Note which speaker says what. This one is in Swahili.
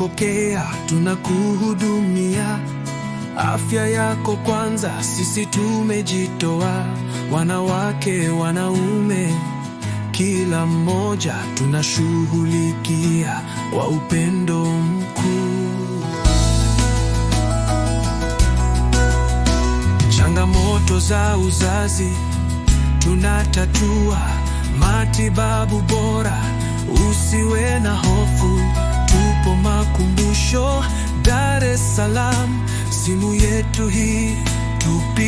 Speaker 1: tunakupokea, tunakuhudumia. Afya yako kwanza, sisi tumejitoa, wanawake, wanaume, kila mmoja tunashughulikia kwa upendo mkuu.
Speaker 2: Changamoto za uzazi tunatatua, matibabu bora, usiwe na hofu. Salam, simu yetu hii tupi